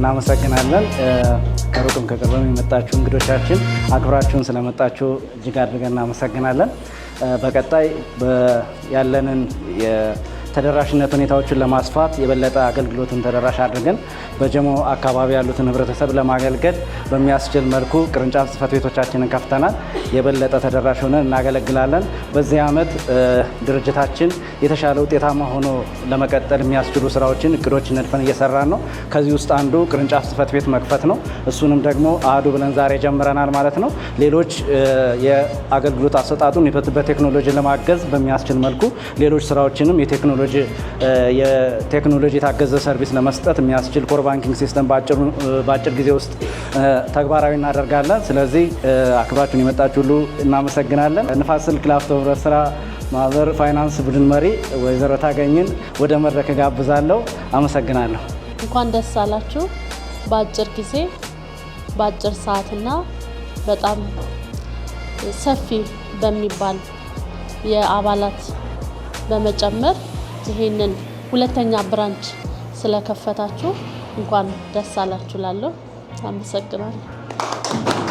እናመሰግናለን። ከሩቅም ከቅርብም የመጣችሁ እንግዶቻችን አክብራችሁን ስለመጣችሁ እጅግ አድርገን እናመሰግናለን። በቀጣይ ያለንን ተደራሽነት ሁኔታዎችን ለማስፋት የበለጠ አገልግሎትን ተደራሽ አድርገን በጀሞ አካባቢ ያሉትን ህብረተሰብ ለማገልገል በሚያስችል መልኩ ቅርንጫፍ ጽህፈት ቤቶቻችንን ከፍተናል። የበለጠ ተደራሽ ሆነን እናገለግላለን። በዚህ ዓመት ድርጅታችን የተሻለ ውጤታማ ሆኖ ለመቀጠል የሚያስችሉ ስራዎችን፣ እቅዶችን ነድፈን እየሰራን ነው። ከዚህ ውስጥ አንዱ ቅርንጫፍ ጽህፈት ቤት መክፈት ነው። እሱንም ደግሞ አዱ ብለን ዛሬ ጀምረናል ማለት ነው። ሌሎች የአገልግሎት አሰጣጡን በቴክኖሎጂ ለማገዝ በሚያስችል መልኩ ሌሎች ስራዎችንም የቴክኖሎጂ የታገዘ ሰርቪስ ለመስጠት የሚያስችል ኮር ባንኪንግ ሲስተም በአጭር ጊዜ ውስጥ ተግባራዊ እናደርጋለን። ስለዚህ አክብራችሁን የመጣችሁ ሁሉ እናመሰግናለን። ንፋስ ስልክ ላፍቶ ህብረት ስራ ማህበር ፋይናንስ ቡድን መሪ ወይዘሮ ታገኝን ወደ መድረክ ጋብዛለሁ። አመሰግናለሁ። እንኳን ደስ አላችሁ። በአጭር ጊዜ በአጭር ሰዓትና በጣም ሰፊ በሚባል የአባላት በመጨመር ይህንን ሁለተኛ ብራንች ስለከፈታችሁ እንኳን ደስ አላችሁ ላለሁ አመሰግናለሁ።